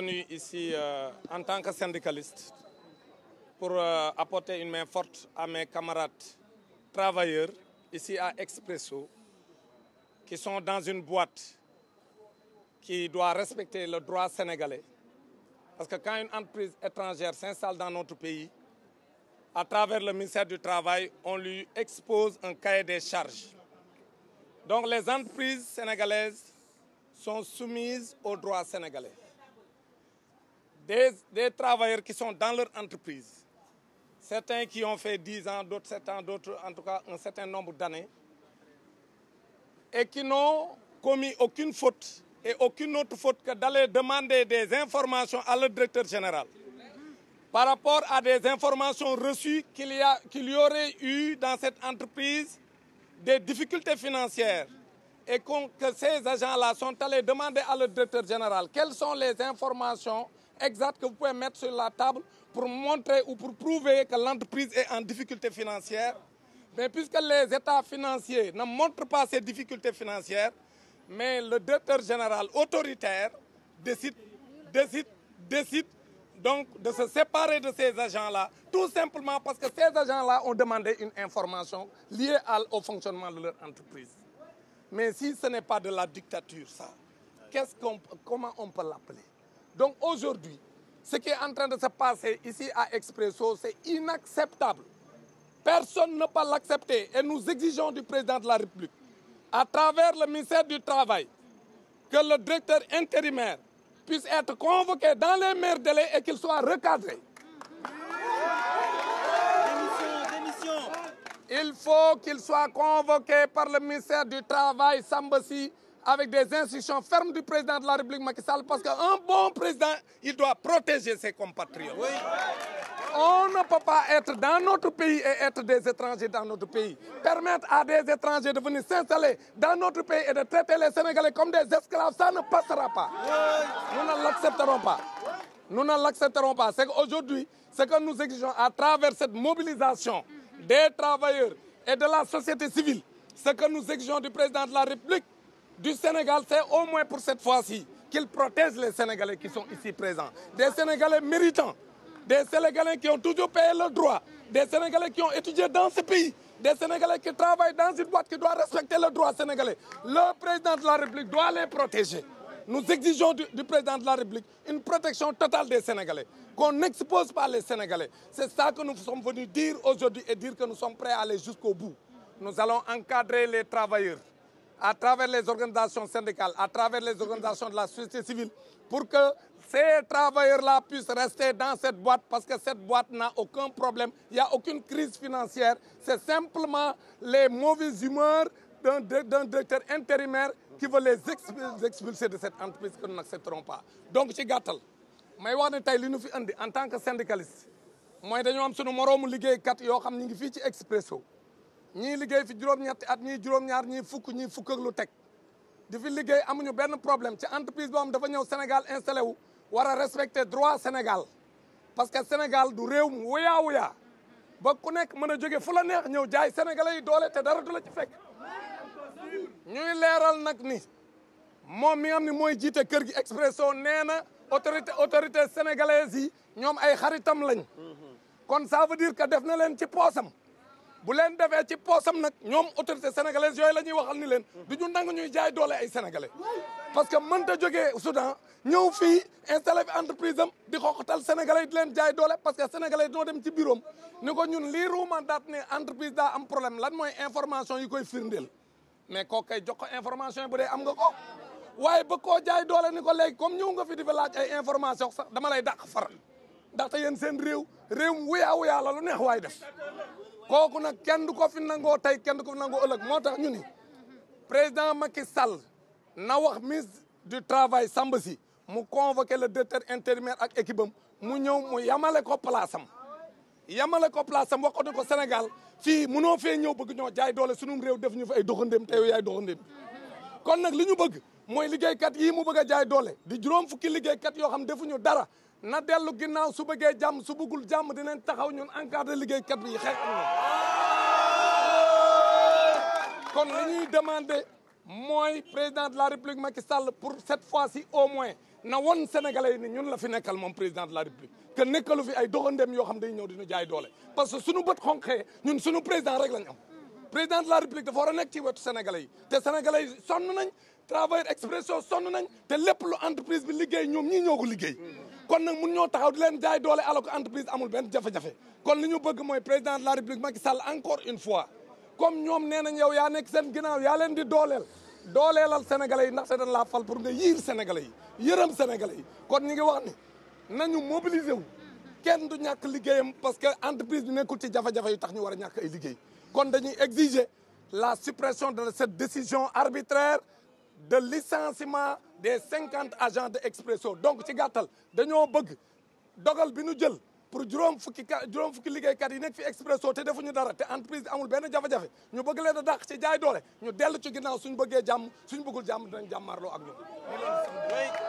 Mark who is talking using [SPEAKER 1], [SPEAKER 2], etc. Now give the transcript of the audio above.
[SPEAKER 1] venu ici euh, en tant que syndicaliste pour euh, apporter une main forte à mes camarades travailleurs ici à Expresso qui sont dans une boîte qui doit respecter le droit sénégalais. Parce que quand une entreprise étrangère s'installe dans notre pays, à travers le ministère du Travail, on lui expose un cahier des charges. Donc les entreprises sénégalaises sont soumises au droit sénégalais. des, des travailleurs qui sont dans leur entreprise, certains qui ont fait 10 ans, d'autres 7 ans, d'autres en tout cas un certain nombre d'années, et qui n'ont commis aucune faute et aucune autre faute que d'aller demander des informations à leur directeur général par rapport à des informations reçues qu'il y aurait eu dans cette entreprise des difficultés financières et que ces agents-là sont allés demander à leur directeur général quelles sont les informations exactes que vous pouvez mettre sur la table pour montrer ou pour prouver que l'entreprise est en difficulté financière. Mais puisque les états financiers ne montrent pas ces difficultés financières, mais le directeur général autoritaire décide, décide, décide donc de se séparer de ces agents-là, tout simplement parce que ces agents-là ont demandé une information liée au fonctionnement de leur entreprise. Mais si ce n'est pas de la dictature, ça, qu'est-ce qu'on, comment on peut l'appeler Donc aujourd'hui, ce qui est en train de se passer ici à Expresso, c'est inacceptable. Personne ne peut l'accepter et nous exigeons du président de la République, à travers le ministère du Travail, que le directeur intérimaire puisse être convoqué dans les meilleurs délais et qu'il soit recadré. Il faut qu'il soit convoqué par le ministère du Travail, Sambassi, avec des instructions fermes du président de la République Macky Sall, parce qu'un bon président, il doit protéger ses compatriotes. Oui. On ne peut pas être dans notre pays et être des étrangers dans notre pays. Permettre à des étrangers de venir s'installer dans notre pays et de traiter les Sénégalais comme des esclaves, pas. Nous ne l'accepterons pas. C'est qu'aujourd'hui, ce que nous exigeons à travers cette mobilisation des travailleurs et de la société civile, ce que nous président la République, du Sénégal, c'est au moins pour cette fois-ci qu'ils protègent les Sénégalais qui sont ici présents. Des Sénégalais méritants, des Sénégalais qui ont toujours payé le droit, des Sénégalais qui ont étudié dans ce pays, des Sénégalais qui travaillent dans une boîte qui doit respecter le droit sénégalais. Le président de la République doit du, président de la République une protection totale des Sénégalais, qu'on n'expose pas les Sénégalais. C'est ça que nous sommes venus dire aujourd'hui à aller jusqu'au bout. Nous allons encadrer les travailleurs. à travers les organisations syndicales, à travers les organisations de la société civile, pour que ces travailleurs-là puissent rester dans cette boîte parce que cette boîte n'a aucun problème, il n'y a aucune crise financière. C'est simplement les mauvaises humeurs d'un directeur intérimaire qui veut les expulser de cette entreprise que nous n'accepterons pas. Donc ci gàttal may wax ne tey li ñu fi indi en tant que syndicaliste mooy dañoo am suñu moroomu liggéeykat yoo xam ñu ngi fii ci Expresso ñii liggéey fi juróom-ñetti at ñii juróom-ñaar ñii fukk ñii fukk ak lu teg di fi liggéey amuñu benn problème ci entreprise boo xam dafa ñëw Sénégal installé wu war a respecter droit Sénégal parce que Sénégal du réew mu wuyaa wuyaa ba ku nekk mën a jóge fu la neex ñëw jaay sénégalais yi doole te dara du la ci fekk ñuy leeral nag ni moom mi am ni mooy jiite kër gi Expresso nee na autorité autorité sénégalaise yi ñoom ay xaritam lañ mhm. kon ça veut dire def na leen ci poosam bu leen defee ci poosam nag ñoom autorité sénégalaise yooyu la ñuy waxal ni leen du ñu nangu ñuy jaay doole ay sénégalais parce que mënta joge Soudan ñëw fii installé fi entreprise di xoqatal sénégalais yi di leen jaay doole parce que sénégalais ñoo dem ci biroom ko ñun lii ruuma daat ne entreprise daa am problème lan mooy information yi koy firndeel mais koo koy jox ko information yi bu dee am nga ko waaye bëgg koo jaay doole ni ko léegi comme ñëw nga fi di fa laaj ay information sax dama lay dàq faral ndaxte yéen seen réew réew wuyaa wuyaa la lu neex waay def kooku nag kenn du ko fi nangoo tey kenn ko fi nangoo ëllëg moo tax ñu ni président Macky Sall na wax ministre du travail Samba si mu convoqué le directeur intérimaire ak équipe mu ñëw mu yamale ko place am yamale ko place am wax ko ne Sénégal fii mënoo fee ñëw bëgg ñoo jaay doole sunum réew def ñu fa ay doxandéem te yaay doxandéem kon nag li ñu bëgg mooy liggéeykat yii mu bëgg a jaay doole di juróom fukki liggéeykat yoo xam defuñu dara na dellu ginnaaw su bëggee jàmm su bëggul jàmm dinañ taxaw ñun encadré liggéeykat bi xeex am na kon li ñuy demandé mooy président de la république Macky Sall pour cette fois-ci au moins na won sénégalais yi ni ñun la fi nekkal moom président de la république que nekkalu fi ay doxandem yoo xam day ñëw dina jaay doole parce que suñu bët xonqee ñun suñu président rek lañ am président de la république dafa war a nekk ci wetu sénégalais yi te sénégalais sonn nañ travailleur expression sonn nañ te lépp lu entreprise bi liggéey ñoom ñii ñoo liggéey kon nag mun ñoo taxaw leen jaay doole alors que entreprise amul benn jafe-jafe kon li ñu bëgg mooy président de la république Macky Sall encore une fois comme ñoom nee nañ yow yaa nekk seen ginaaw yaa leen di dooleel dooleelal sénégalais yi ndax dañ laa fal pour nga yiir sénégalais yi yërëm sénégalais yi kon ñu ngi wax ni nañu mobiliser wu kenn du ñàkk liggéeyam parce que entreprise bi nekkul ci jafe-jafe tax ñu war a ñàkk ay liggéey kon dañuy exiger la suppression de cette décision arbitraire de licenciement des cinquante agents de Expresso donc ci gàttal dañoo bëgg dogal bi nu jël pour juróom fukki ka juróom fukki liggéeykat yi nekk fi Expresso te defuñu dara te entreprise amul benn jafe-jafe ñu bëgg leen a dàq ci jaay doole ñu dell ci ginnaaw suñu bëggee jàmm suñu bëggul jàmm dinañ jàmmaarloo ak ñoom.